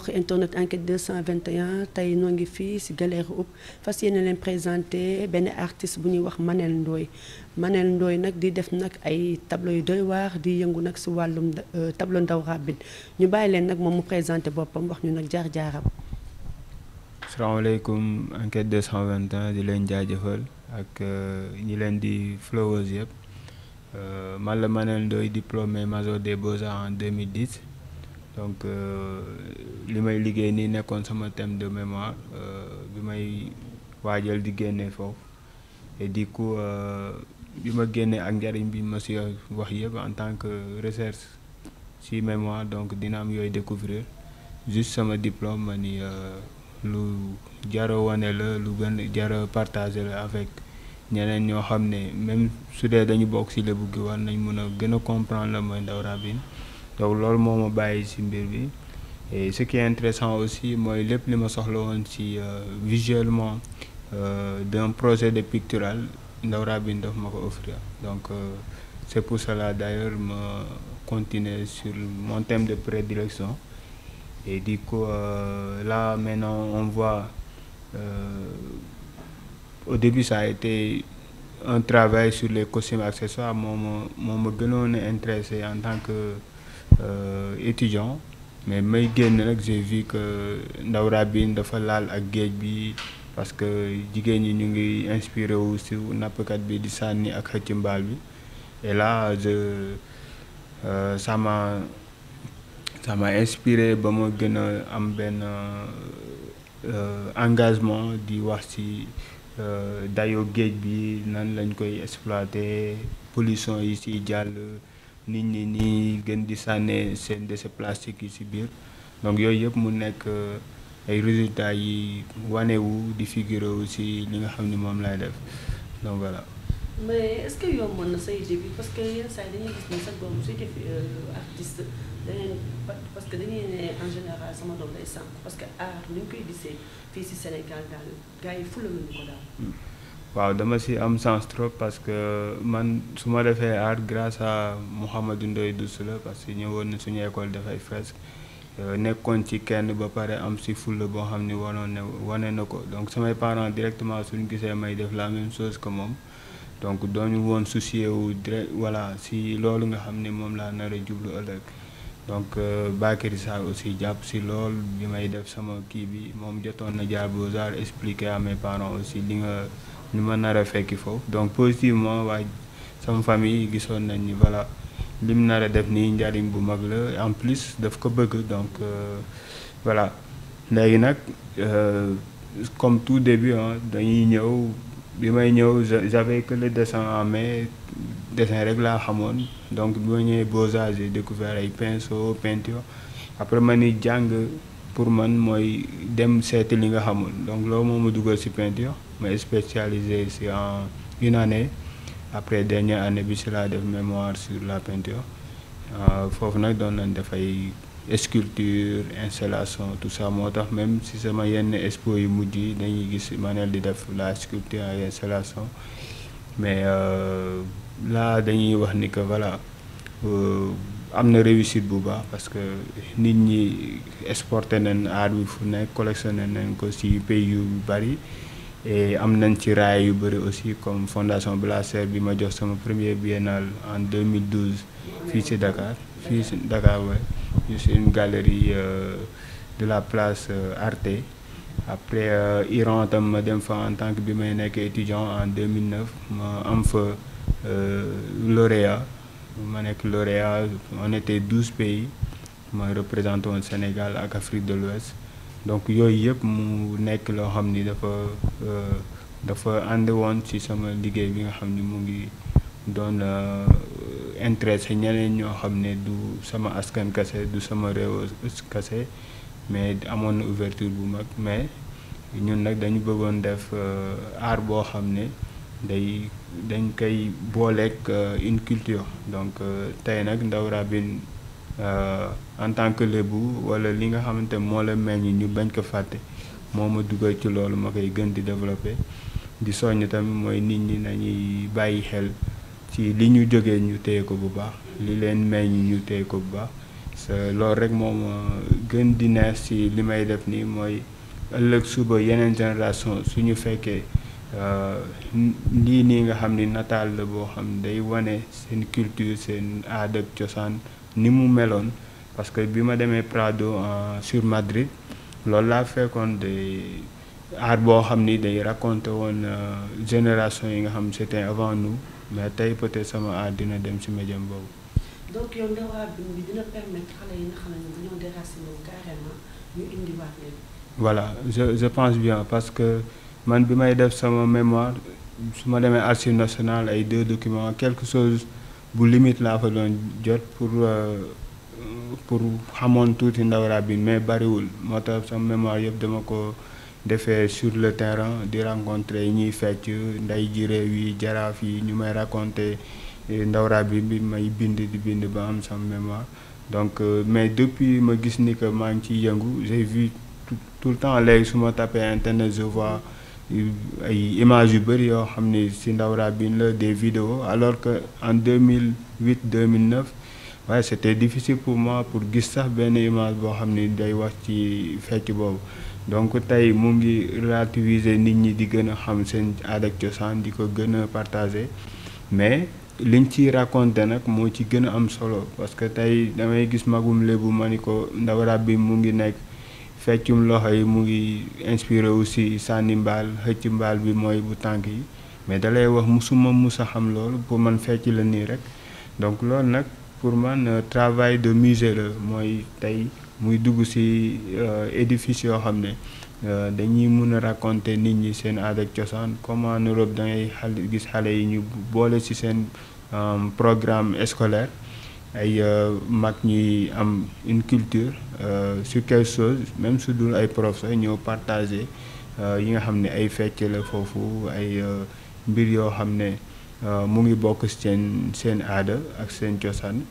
mbokk internet enquête 221 tey noo ngi fii ci Galère Houpp fas yéene leen présenté benn artiste bu ñuy wax Manel ndooy Manel ndooy nag di def nag ay tableau yu doy waar di yëngu nag si wàllum euh, tableau ndaw rabin ñu bàyyi leen nag moom mu présenté boppam wax ñu nag jaar-jaaram. asalaamaaleykum enquête 221 di leen jaajëfal ak euh, ñi leen di followers yëpp euh, man la Manel Ndoye diplômé major des beaux-arts en 2010. donc euh, li may liggéey nii nekkoon sama thème de mémoire euh, bi may waajal di génne foofu et du coup euh, bi ma génnee ak njariñ bi ma si wax yëpp en tant que recherche si mémoire donc dina am yooyu découvrir juste sama diplôme ma ni lu jara wane la lu gën jara partager la avec ñeneen ñoo xam ne même su dee dañu bokk si lébu gi war nañ mun a gën a comprendre la mooy Ndaw Rabine donc loolu moo ma bàyyi si mbir bi ce qui est intéressant aussi mooy lépp li ma soxla woon ci euh, visuellement euh, d'un projet de pictural Ndaw Rabine daf ma ko offrir donc euh, c'est pour cela d'ailleurs ma continuer sur mon thème de prédilection et di coup la là maintenant on voit euh, au début ça a été un travail sur les costumes accessoires moom ma moo ma gënoon a intéressé en tant que Euh, étudiant mais may génn nag j'ai vu que ndaw Rabine dafa laal ak géej bi parce que jigéen ñi ñu ngi inspiré wu si nappkat bi di sànni ak xëcc mbaal bi et là je sama euh, m'a ça ba ma gën a am benn euh, engagement di wax ci dayoo géej bi nan lañ koy exploiter pollution yi ci jàll nit ñi ñi gën di sànnee seen déchets plastiques yi ci biir donc yooyu yëpp mu nekk euh, ay résultats yi wanewu di figuré wu ci li nga xam ni moom laay def donc voilà. mais est-ce que na say début parce que yenn saa yi dañuy gis ne sa doom suy euh, def artiste dañuy parce que dañuy ne en général sama doom day sànq parce que art ni ñu koy gisee fii ci Sénégal daal gars yi fula nañu ko daal. Hmm. waaw dama si am chance parce que man su ma defee art grâce à Mouhamadou Ndoye dus la parce que ñëwoon na suñu école dafay fresque euh, nekkoon ci kenn ba pare am si fulla boo xam ni wanoon ne wane na ko donc samay parent directement suñu gisee may def la même chose que moom donc ñu woon soucié wu dire voilà si loolu nga xam ne moom laa nar jublu ëllëg donc euh, Bakary Sarr aussi jàpp si lool bi may def sama kii bi moom jotoon na jaar Beaux-Arts expliquer à mes aussi li nga ñu ma nar a fekki foofu donc positivement waa sama famille gisoon nañ ni voilà li mu nar def nii njariñ bu mag la en plus daf ko bëgg donc euh, voilà léegi nag euh, comme tout début ah dañuy ñëw bi may ñëw j'avais que le dessin en mais dessin rek laa xamoon donc bi ma ñëwee Beaux-Arts j'ai découvert ay pinceau peinture après ma ni jàng pour man mooy dem seeti li nga xamul donc loolu moo mu dugal ci peinture ma spécialisé ci en une année après dernière année bi ci laa def mémoire sur la peinture euh, foofu nag doon nañ dafay sculpture installation tout ça moo tax même si sama yenn expo yu mujj yi dañuy gis manel di def la sculpture ay installation mais euh, là dañuy wax ni que voilà. Euh, am na réussite bu baax parce que nit ñi exporté nañ aar bi fu nekk collectionné nañ ko ci pays yu bari et am nañ ci raay yu bëri aussi comme fondation Blaser bi ma jox sama premier biennale en 2012 fii ci Dakar fii si Dakar wa ñu ci une galerie euh, de la place euh, Arte après euh, Iran tam ma dem fa en tant bi may nekk étudiant en 2009 ma am fa lauréat ma nekk lauréat on était douze pays ma représenté woon Sénégal ak Afrique de l'Ouest donc yooyu yëpp mu nekk loo xam ni dafa euh, dafa ànd woon ci sama liggéey bi nga xam ni mu ngi doon euh, intéressé ñeneen ñoo xam ne du sama askan kase du sama réew kase mais amoon na ouverture bu mag mais ñun nag dañu bëggoon def aar euh, boo xam ne day dañ koy booleek euh, une culture donc euh, tey nag Ndaw Rabine euh, en tant que lébu wala li nga xamante moo la meññ ñu bañ ko fàtte moo ma dugal ci loolu ma koy gën di développé di soññ tamit mooy nit ñi nañuy bàyyi xel ci li ñu jógee ñu téye ko bu baax li leen meññ ñu téye ko bu baax loolu rek moo ma gën di neex ci li may def nii mooy ëllëg suba yeneen génération suñu fekkee Euh, lii nii nga xam ni nataal la boo xam day wane seen culture seen aada cosaan ni mu meloon parce que bi ma demee Prado euh, sur Madrid loolu laa fekkoon day aar boo xam ni day raconté woon euh, génération yi nga xam c'était avant nous mais tey peut sama aar dina dem ci médium boobu. donc je je pense bien parce que. man bi may def sama mémoire su ma demee archives national ay deux documents quelque chose bu limite laa fa doon jot pour euh, pour xamoon tuuti ndaw rabine mais bariwul moo tax sama mémoire yëpp dama ko defee sur le terrain di rencontrer ñuy fecc nday réew yi jaraaf yi ñu may raconter eh, ndaw rabine bi may bind di bind ba am sama mémoire donc euh, mais depuis ma gis ni que maa ngi ciy yëngu j'ai vu tout le temps léegi su ma tapé internet je vois ay images yu bëri yoo xam ne si ndaw rabine la des vidéos alors que en 2008 2009 waaye c' était difficile pour moi pour gis sax benn image boo xam ne day wax ci fecc boobu donc tey mu ngi relativiser nit ñi di gën a xam seen aada cosaan di ko gën a partager mais liñ ci raconté nag moo ci gën a am solo parce que tey damay gis magum lébu ma ni ko ndaw rabine mu ngi nekk feccum loxo yi mu ngi inspiré aussi sànni mbaal xëcc mbaal bi mooy bu tànk yi mais dalay wax musuma musa xam loolu pour man fecc la nii rek donc loolu nag pour man euh, travail de musée la mooy tey muy dugg ci euh, édifice yoo xam ne euh, dañuy mun a raconter nit ñi seen aada cosaan comme en Europe dangay xale gis xale yi ñu boole ci seen programme scolaire ay euh, mag ñuy am une culture euh, sur quelque chose même su dul ay prof sax ñëw partager euh, yi nga xam ne ay fecc la foofu ay mbir yoo xam ne mu ngi bokk seen seen aada ak seen cosaan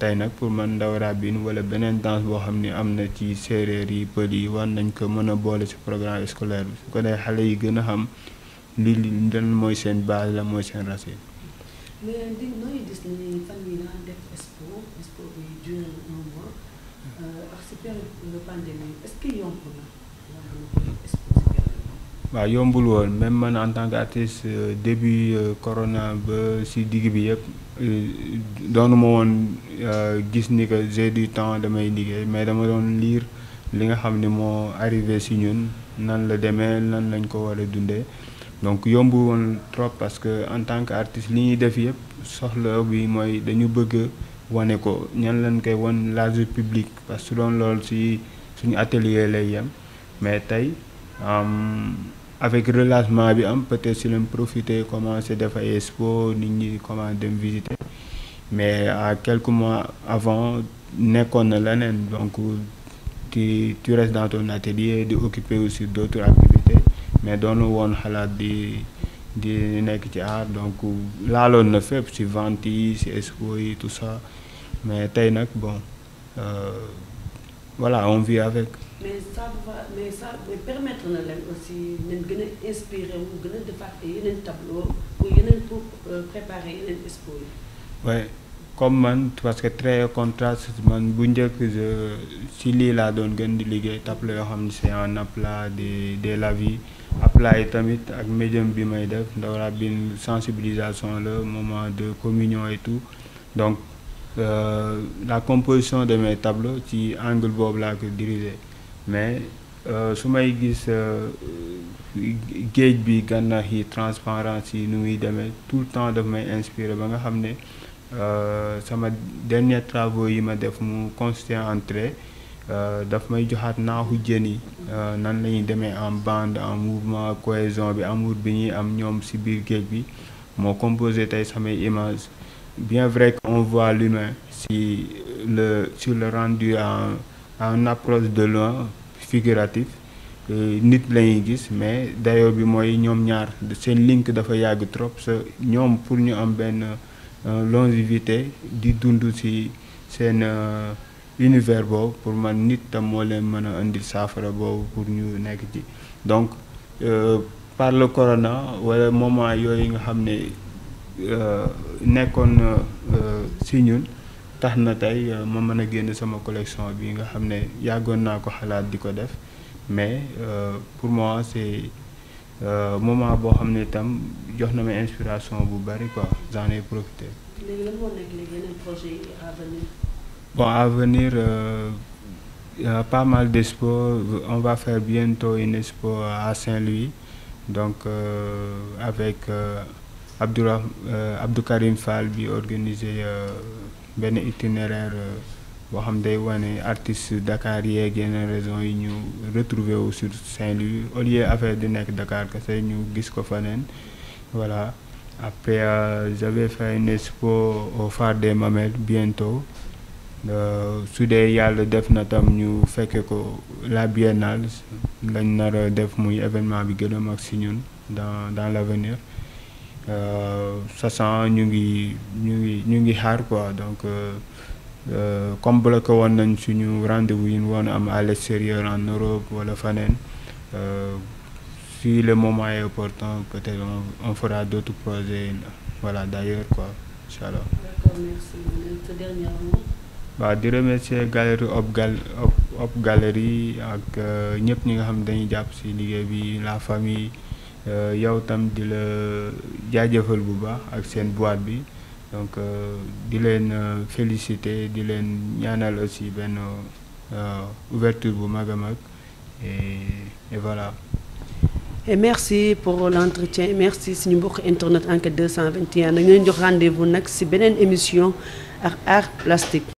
tey nag pour man ndaw rabine wala beneen dance boo xam ne am na ci séeréer yi pël yi war nañ ko mën a boole ci programme scolaire bi su ko dee xale yi gën a xam li li lan mooy seen base la mooy seen racine waa euh, euh, euh, yombul woon même man en tant qu'artiste début corona ba si digg bi yëpp doonuma ma woon gis ni que j'ai du temps damay liggéey mais dama doon liir li nga xam ni moo arrivé si ñun nan la demee nan lañ ko war a dundee donc yomb woon trop parce que en tant que artiste li ñuy def yëpp soxla bi mooy dañu bëgg wane ko ñan leen koy wan large publique parce que su doon loolu si suñu atelier lay yem mais tey avec relâchement bi am peut si lañ profité commencé def ay expo nit ñi commencé dem visiter mais à quelque mois avant nekkoon na leneen donc tu tu restes dans ton atelier di occuper aussi d'autres activités mais doonu woon xalaat di di nekk ci art donc laaloon na fépp ci vente yi ci expo yi tout ça mais tey nag bon euh, voilà on mais ça va na leen aussi nañ gën a inspiré wu gën a defaat yeneen tableau pour euh, yi. oui comme man parce que très contraste man bu njëkk je si lii laa doon gën di liggéey tableau yoo xam ne c'est en la des des lavis. apply tamit ak médium bi may def ndawra bin sensibilisation le moment de communion et donc euh, la composition de mes tableaux ci angle boobu laa ko diriger mais euh, su may gis euh, géej bi gànnaaw yi transparence yi nu muy demee tout le temps daf may inspiré ba nga xam ne euh, sama dernier travaux yi ma def mu constitué en Euh, dafa may joxaat naaxu jën yi euh, nan lañuy demee en bande en mouvement cohésion bi amour bi ñuy am ñoom si biir géej bi moo composé tey samay image bien vrai que on voit l'humain si le sur le rendu en en de loin figuratif nit lañuy gis mais dayoo bi mooy ñoom ñaar seen link dafa yàgg trop sa ñoom pour ñu am benn euh, longévité di dund si seen univers boobu pour man nit tam moo leen mën a indil saafara boobu pour ñu nekk ci donc euh, par le corona wala moment yooyu nga xam ne euh, nekkoon na euh, si ñun tax na tey ma mën a génn sama collection bi nga xam ne yàggoon naa ko xalaat di ko def mais pour moi c'est moment boo xam ne itam jox na ma inspiration bu bari quoi j'en ai profité. Bon, à venir, euh, il y a pas mal d'expos. On va faire bientôt une expo à Saint-Louis, donc euh, avec euh, Abdoula, euh, Abdou Karim Fall bi organisé euh, benn itinéraire euh, boo xam day wane artiste Dakar yeeg yeneen yi ñu retrouver wu sur Saint-Louis au lieu affaire di nekk Dakar kese ñu gis ko faneen voilà après j'avais fait une expo au phare des Mamelles bientôt. Euh, su dee yàlla def na tam ñu fekke ko la biennale lañ nar a def muy événement bi gën a mag si ñun dans dans l' avenir euh, Sasan ñu ngi ñu ngi ñu ngi xaar quoi donc euh, comme bloqué woon nañ suñu rendez-vous yi woon am à l' extérieur en Europe wala faneen si le moment est opportun peut-être un on fera d' autres projets voilà d' quoi incha allah. waaw di remercier Galerie Hop Gal Hop Galerie ak euh, ñëpp ñi nga xam ne dañuy jàpp ci liggéey bi la famille euh, yow tam di la jaajëfal bu baax ak seen boite bi donc euh, di leen féliciter di leen ñaanal aussi benn ouverture bu mag a mag et voilà. Et merci pour l'entretien merci suñu mbokk internet Enquête 221 dañu leen jox rendez-vous nag ci beneen émission ak art plastique.